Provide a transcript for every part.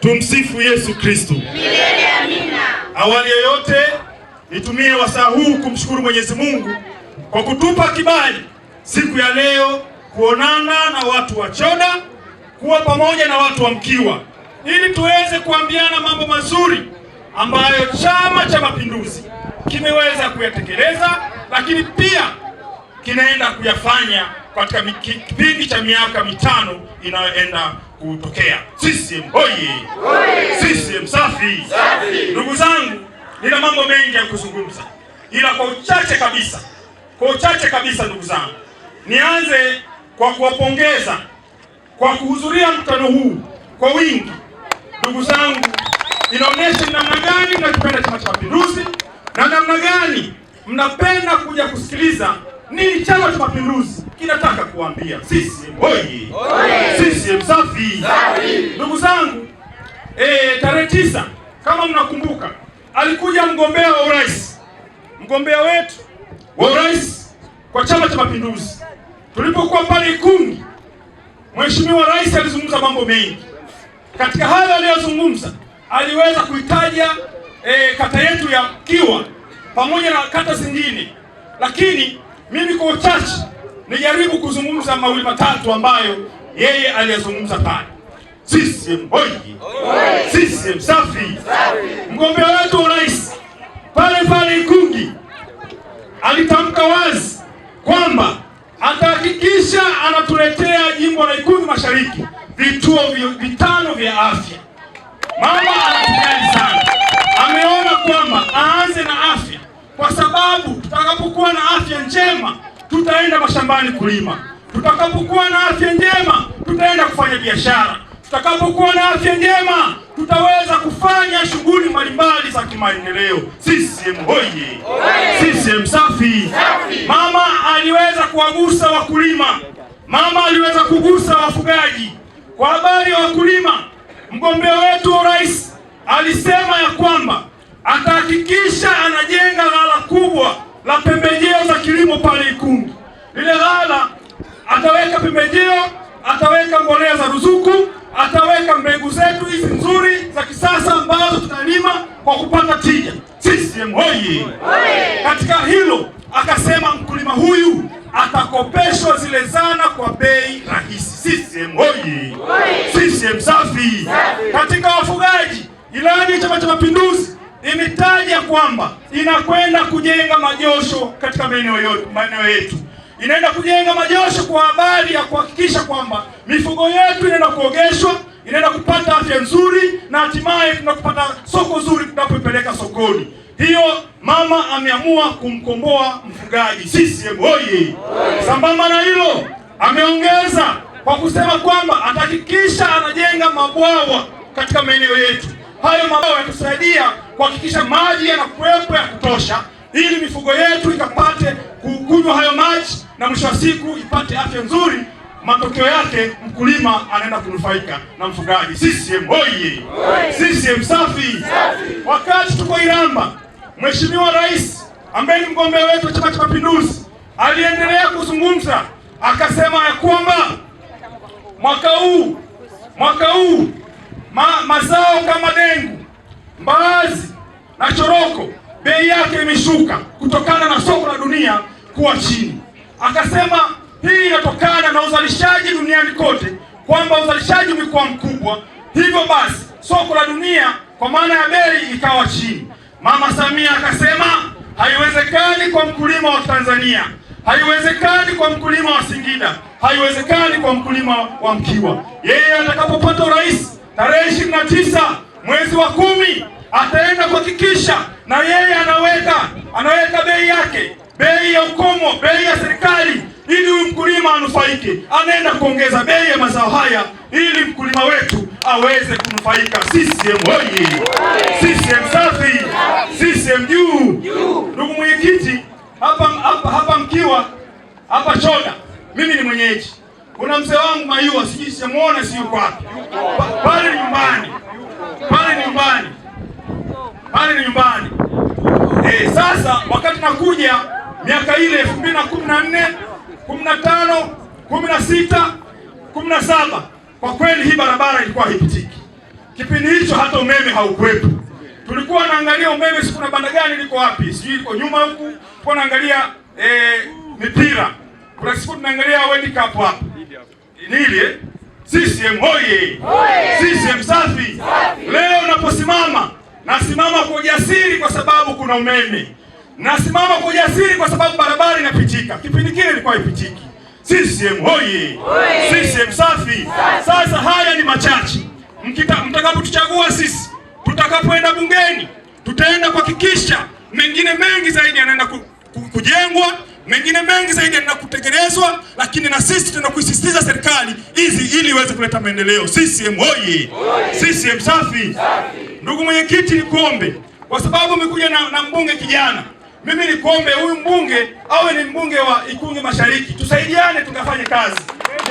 Tumsifu Yesu Kristo. Milele amina. Awali ya yote nitumie wasaa huu kumshukuru Mwenyezi Mungu kwa kutupa kibali siku ya leo kuonana na watu wa Choda, kuwa pamoja na watu wa Mkiwa ili tuweze kuambiana mambo mazuri ambayo Chama cha Mapinduzi kimeweza kuyatekeleza, lakini pia kinaenda kuyafanya katika kipindi cha miaka mitano inayoenda kutokea. CCM hoye! CCM safi! Ndugu zangu, nina mambo mengi ya kuzungumza, ila kwa uchache kabisa, kwa uchache kabisa, ndugu zangu, nianze kwa kuwapongeza kwa kuhudhuria mkutano huu kwa wingi. Ndugu zangu, inaonyesha ni namna gani mnakipenda Chama cha Mapinduzi na namna gani mnapenda kuja kusikiliza nini Chama cha Mapinduzi inataka kuambia sisi oye, sisi msafi. Ndugu zangu, e, tarehe tisa kama mnakumbuka alikuja mgombea wa urais, mgombea wetu wa urais kwa Chama cha Mapinduzi. Tulipokuwa pale Ikungi, Mheshimiwa Rais alizungumza mambo mengi. Katika hayo aliyozungumza, aliweza kuitaja e, kata yetu ya Kiwa pamoja na kata zingine, lakini mimi kwa uchache nijaribu kuzungumza mawili matatu ambayo yeye aliyazungumza pale. CCM hoji, CCM safi. Mgombea wetu wa urais pale pale Ikungi alitamka wazi kwamba atahakikisha anatuletea jimbo la Ikungi Mashariki vituo vitano vya afya. Mama anatujali sana, ameona kwamba aanze na afya, kwa sababu tutakapokuwa na afya njema tutaenda mashambani kulima. Tutakapokuwa na afya njema, tutaenda kufanya biashara. Tutakapokuwa na afya njema, tutaweza kufanya shughuli mbalimbali za kimaendeleo. CCM hoye! CCM safi! Mama aliweza kuwagusa wakulima, mama aliweza kugusa wafugaji. Kwa habari ya wakulima, mgombea wetu wa urais alisema ya kwamba atahakikisha anajenga ghala kubwa la pembejeo za kilimo pale Ikungi. Lile ghala ataweka pembejeo, ataweka mbolea za ruzuku, ataweka mbegu zetu hizi nzuri za kisasa ambazo tutalima kwa kupata tija. CCM hoyi! Katika hilo akasema mkulima huyu atakopeshwa zile zana kwa bei rahisi. CCM hoyi! CCM safi! Katika wafugaji, ilani Chama cha Mapinduzi imetaja kwamba inakwenda kujenga majosho katika maeneo yote, maeneo yetu inaenda kujenga majosho kwa habari ya kuhakikisha kwamba mifugo yetu inaenda kuogeshwa, inaenda kupata afya nzuri na hatimaye tunakupata soko zuri tunapoipeleka sokoni. Hiyo mama ameamua kumkomboa mfugaji. CCM oyee! Sambamba na hilo, ameongeza kwa kusema kwamba atahakikisha anajenga mabwawa katika maeneo yetu. Hayo mabwawa yatusaidia kuhakikisha maji yanakuwepo ya kutosha, ili mifugo yetu ikapate kukunywa hayo maji na mwisho wa siku ipate afya nzuri. Matokeo yake mkulima anaenda kunufaika na mfugaji. CCM oye! CCM safi! Wakati tuko Iramba, Mheshimiwa Rais ambaye ni mgombea wetu wa Chama cha Mapinduzi aliendelea kuzungumza akasema ya kwamba mwaka huu mwaka huu ma, mazao kama dengu, mbaazi na choroko bei yake imeshuka kutokana na soko la dunia kuwa chini. Akasema hii inatokana na uzalishaji duniani kote, kwamba uzalishaji umekuwa mkubwa, hivyo basi soko la dunia kwa maana ya bei ikawa chini. Mama Samia akasema haiwezekani kwa mkulima wa Tanzania, haiwezekani kwa mkulima wa Singida, haiwezekani kwa mkulima wa Mkiwa. Yeye atakapopata urais tarehe ishirini na tisa mwezi wa kumi ataenda kuhakikisha na yeye anaweka anaweka bei yake, bei ya ukomo, bei ya serikali, ili huyu mkulima anufaike. Anaenda kuongeza bei ya mazao haya ili mkulima wetu aweze kunufaika. CCM hoye! CCM safi! CCM juu! Ndugu mwenyekiti, hapa, hapa, hapa mkiwa hapa Shoda, mimi ni mwenyeji. Kuna mzee wangu Mayua, sijui sijamuona, si yuko hapa pale nyumbani, pale nyumbani pale ni nyumbani. E, sasa wakati nakuja miaka ile elfu mbili na kumi na nne kumi na tano kumi na sita kumi na saba kwa kweli hii barabara ilikuwa haipitiki kipindi hicho, hata umeme haukuwepo. Tulikuwa naangalia umeme siku na banda gani liko wapi, sijui liko nyuma huku, kwa naangalia e, mipira. Kuna siku tunaangalia World Cup hapa nili eh? CCM oye! CCM safi! Leo naposimama Nasimama kwa ujasiri kwa sababu kuna umeme. Nasimama kwa ujasiri kwa sababu barabara inapitika. Kipindi kile ilikuwa haipitiki. CCM hoye! CCM safi! Sasa haya ni machache. Mtakapotuchagua sisi, tutakapoenda bungeni, tutaenda kuhakikisha mengine mengi zaidi yanaenda kujengwa, mengine mengi zaidi yanaenda kutekelezwa, lakini na sisi tutaenda kuisisitiza serikali hizi ili iweze kuleta maendeleo. CCM hoye! CCM safi! safi. Ndugu mwenyekiti, nikuombe kwa sababu umekuja na, na mbunge kijana, mimi nikuombe huyu mbunge awe ni mbunge wa Ikungi Mashariki, tusaidiane tukafanye kazi.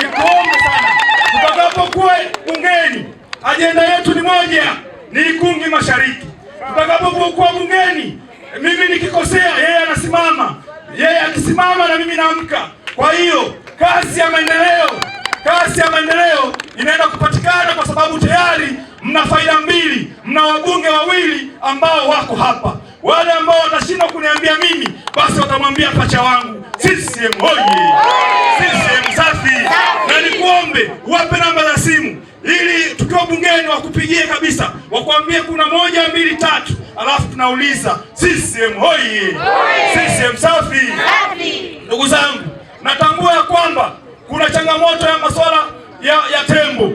Nikuombe sana, tutakapokuwa bungeni, ajenda yetu ni moja, ni Ikungi Mashariki. Tutakapokuwa bungeni, mimi nikikosea, yeye anasimama, yeye akisimama na mimi naamka. Kwa hiyo kasi ya maendeleo, kasi ya maendeleo inaenda kupatikana kwa sababu tayari mna faida mbili mna wabunge wawili ambao wako hapa. Wale ambao watashindwa kuniambia mimi, basi watamwambia pacha wangu. CCM hoye, CCM safi. Na nikuombe wape namba za simu ili tukiwa bungeni wakupigie kabisa, wakuambie kuna moja mbili tatu, alafu tunauliza CCM hoye, CCM safi. Ndugu zangu, natambua ya kwamba kuna changamoto ya masuala ya, ya tembo.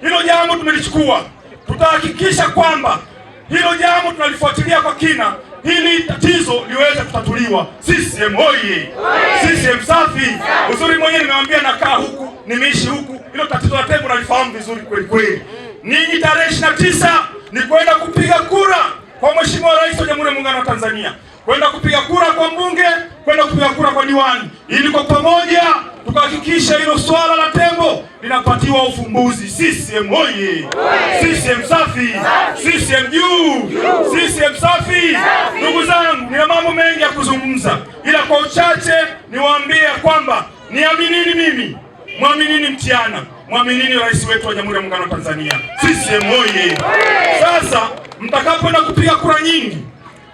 Hilo jambo tumelichukua tutahakikisha kwamba hilo jambo tunalifuatilia kwa kina ili tatizo liweze kutatuliwa. CCM oye! CCM safi! Uzuri mwenyewe nimewambia, nakaa huku, nimeishi huku, hilo tatizo la tembo nalifahamu vizuri kweli kweli. Ninyi tarehe ishirini na tisa ni kwenda kupiga kura kwa Mheshimiwa Rais wa Jamhuri ya Muungano wa Tanzania, kwenda kupiga kura kwa mbunge, kwenda kupiga kura kwa diwani, ili kwa pamoja tukahakikisha hilo swala la tembo linapatiwa ufumbuzi. CCM oye! CCM safi! CCM juu! CCM safi! Ndugu zangu, nina mambo mengi ya kuzungumza, ila kwa uchache niwaambie kwamba niaminini mimi, mwaminini Mtiana, mwaminini rais wetu wa Jamhuri ya Muungano wa Tanzania. CCM oye! Sasa mtakapoenda kupiga kura nyingi,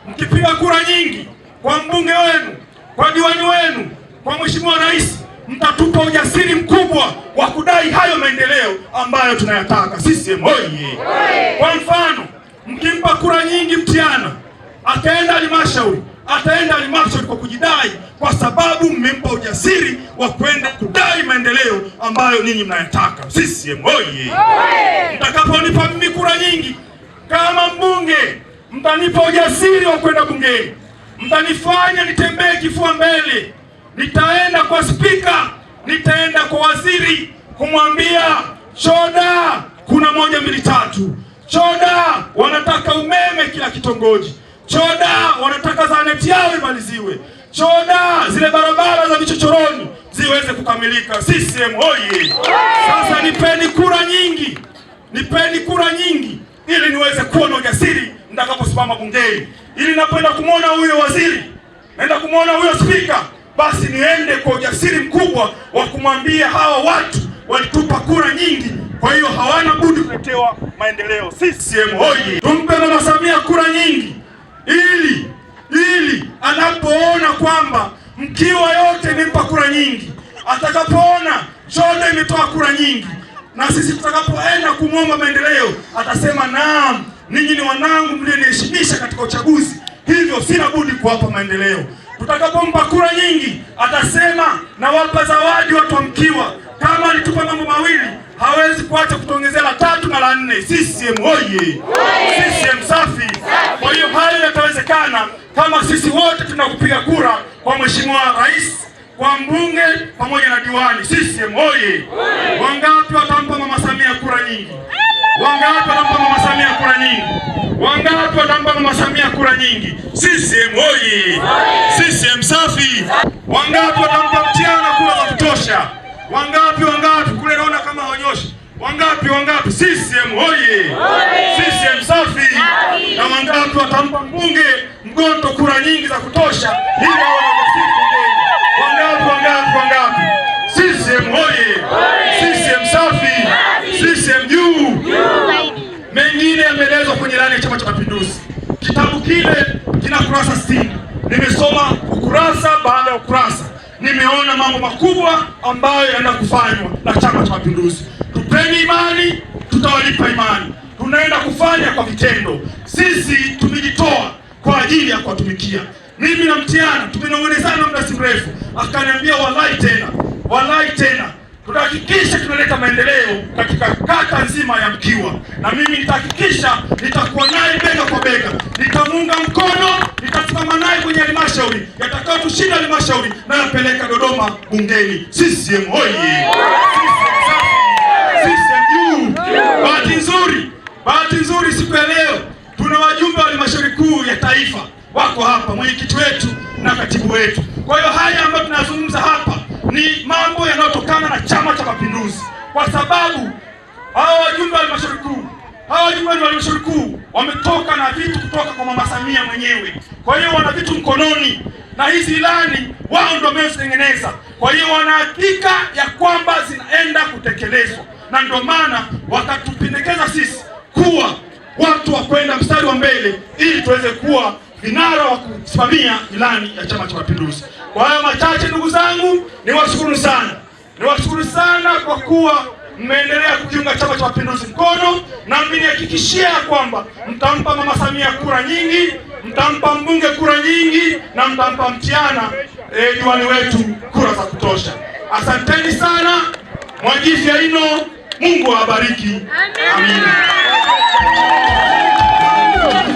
mkipiga kura nyingi kwa mbunge wenu, kwa diwani wenu, kwa mheshimiwa rais mtatupa ujasiri mkubwa wa kudai hayo maendeleo ambayo tunayataka CCM. Oye! Kwa mfano, mkimpa kura nyingi Mtiana ataenda halmashauri, ataenda halmashauri kwa kujidai, kwa sababu mmempa ujasiri wa kwenda kudai maendeleo ambayo ninyi mnayataka. CCM oye! Mtakaponipa mimi kura nyingi kama mbunge, mtanipa ujasiri wa kwenda bungeni, mtanifanya nitembee kifua mbele nitaenda kwa spika, nitaenda kwa waziri kumwambia choda, kuna moja mbili tatu, choda wanataka umeme kila kitongoji, choda wanataka zaneti yao imaliziwe, choda zile barabara za vichochoroni ziweze kukamilika. CCM oye! Sasa nipeni kura nyingi, nipeni kura nyingi ili niweze kuwa na ujasiri nitakaposimama bungeni, ili napoenda kumwona huyo waziri, naenda kumwona huyo spika basi niende kwa ujasiri mkubwa wa kumwambia hawa watu walitupa kura nyingi, kwa hiyo hawana budi kuletewa maendeleo. CCM hoye! Tumpe mama Samia kura nyingi ili ili anapoona kwamba Mkiwa yote nimpa kura nyingi, atakapoona Chode imetoa kura nyingi, na sisi tutakapoenda kumwomba maendeleo atasema naam, ninyi ni wanangu mlioniheshimisha katika uchaguzi, hivyo sina budi kuwapa maendeleo utakapompa kura nyingi atasema nawapa zawadi watu wa Mkiwa. Kama alitupa mambo mawili hawezi kuacha kutuongezea la tatu na la nne. CCM oye! CCM safi! Kwa hiyo hayo yatawezekana kama sisi wote tunakupiga kura kwa mheshimiwa rais, kwa mbunge pamoja na diwani. CCM oye! Wangapi watampa mama Samia kura nyingi? Wangapi watampa mama Samia kura nyingi? Wangapi watampa mama Samia kura nyingi? CCM oye! CCM safi. Wangapi watampa Mtiana kura za kutosha? Wangapi wangapi kule naona kama hawanyoshi. Wangapi wangapi CCM hoye. CCM safi. Na wangapi watampa mbunge Mgonto kura nyingi za kutosha ili wangapi wangapi wangapi. CCM hoye. mambo makubwa ambayo yanakufanywa na Chama cha Mapinduzi. Tupeni imani, tutawalipa imani. Tunaenda kufanya kwa vitendo. Sisi tumejitoa kwa ajili ya kuwatumikia. Mimi na Mtiana tumenong'onezana muda si mrefu, akaniambia wallahi tena, wallahi tena tutahakikisha tunaleta maendeleo katika kata nzima ya Mkiwa, na mimi nitahakikisha nitakuwa naye bega kwa bega, nitamuunga mkono, nitasimama naye kwenye halmashauri. tushinda halmashauri nayapeleka Dodoma bungeni. CCM oyee! CCM bahati nzuri, bahati nzuri siku ya leo tuna wajumbe wa halmashauri kuu ya taifa wako hapa, mwenyekiti wetu na katibu wetu. Kwa hiyo haya ambayo tunazungumza hapa ni mambo yanayotokana na Chama cha Mapinduzi, kwa sababu hawa wajumbe wa halmashauri kuu hawa wajumbe wa halmashauri kuu wametoka na vitu kutoka kwa mama Samia mwenyewe. Kwa hiyo wana vitu mkononi na hizi ilani wao ndio wamezitengeneza. Kwa hiyo wana hakika ya kwamba zinaenda kutekelezwa, na ndio maana wakatupendekeza sisi kuwa watu wa kwenda mstari wa mbele ili tuweze kuwa vinara wa kusimamia ilani ya Chama cha Mapinduzi. Kwa hayo machache, ndugu zangu, niwashukuru sana, niwashukuru sana kwa kuwa mmeendelea kukiunga Chama cha Mapinduzi mkono, na mmenihakikishia kwamba mtampa Mama Samia kura nyingi, mtampa mbunge kura nyingi, na mtampa mtiana eh, diwani wetu kura za kutosha. Asanteni sana. ya ino, Mungu awabariki. Amina.